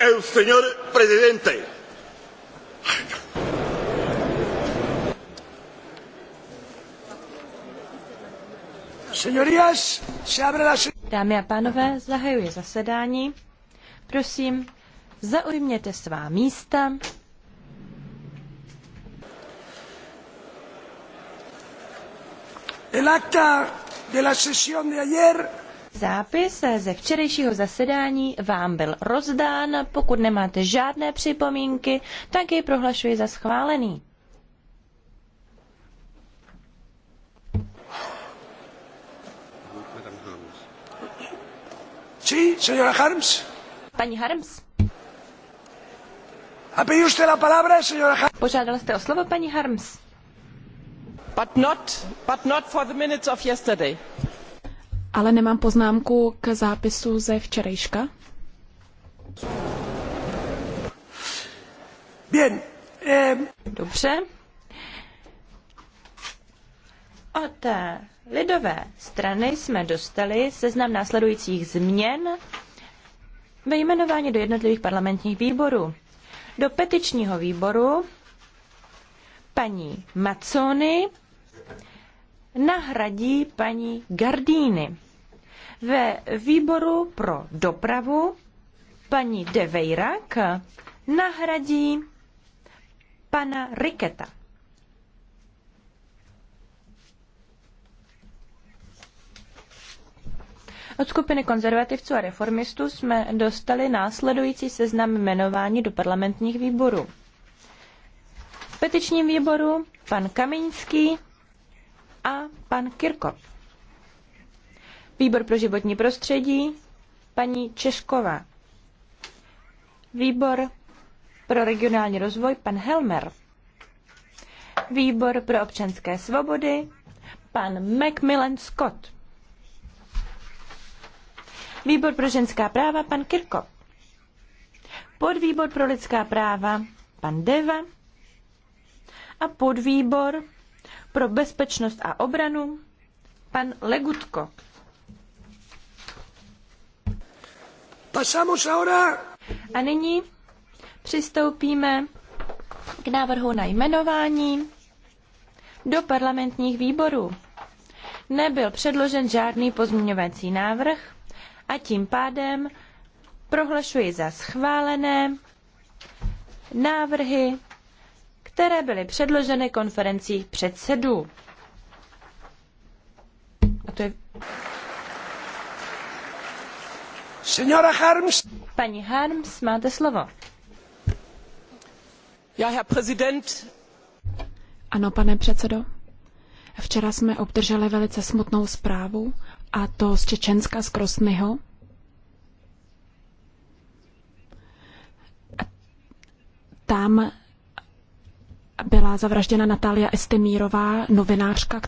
El señor presidente. Señorías, se abre la... Dámy a pánové, zahajuji zasedání. Prosím, zaujměte svá místa. El acta de la sesión de ayer Zápis ze včerejšího zasedání vám byl rozdán. Pokud nemáte žádné připomínky, tak jej prohlašuji za schválený. Sí, señora Harms. Paní Harms. Ha pedido usted la palabra, señora Harms. Požádala jste o slovo, paní Harms. But not, but not for the minutes of yesterday ale nemám poznámku k zápisu ze včerejška. Bien. Eh, Dobře. Od lidové strany jsme dostali seznam následujících změn ve jmenování do jednotlivých parlamentních výborů. Do petičního výboru paní Macony nahradí paní Gardíny. Ve výboru pro dopravu paní Deveirak nahradí pana Riketa. Od skupiny konzervativců a reformistů jsme dostali následující seznam jmenování do parlamentních výborů. V petičním výboru pan Kamiňský a pan Kirkov. Výbor pro životní prostředí, paní Češková. Výbor pro regionální rozvoj, pan Helmer. Výbor pro občanské svobody, pan Macmillan Scott. Výbor pro ženská práva, pan Kirko. Podvýbor pro lidská práva, pan Deva. A podvýbor pro bezpečnost a obranu, pan Legutko. Pasamos ahora... A nyní přistoupíme k návrhu na jmenování do parlamentních výborů. Nebyl předložen žádný pozměňovací návrh a tím pádem prohlašuji za schválené návrhy, které byly předloženy konferencí předsedů. Senora Harms. Paní Harms, máte slovo. Ja, Herr Präsident. Ano, pane předsedo. Včera jsme obdrželi velice smutnou zprávu, a to z Čečenska, z Krosnyho. Tam byla zavražděna Natália Estemírová, novinářka,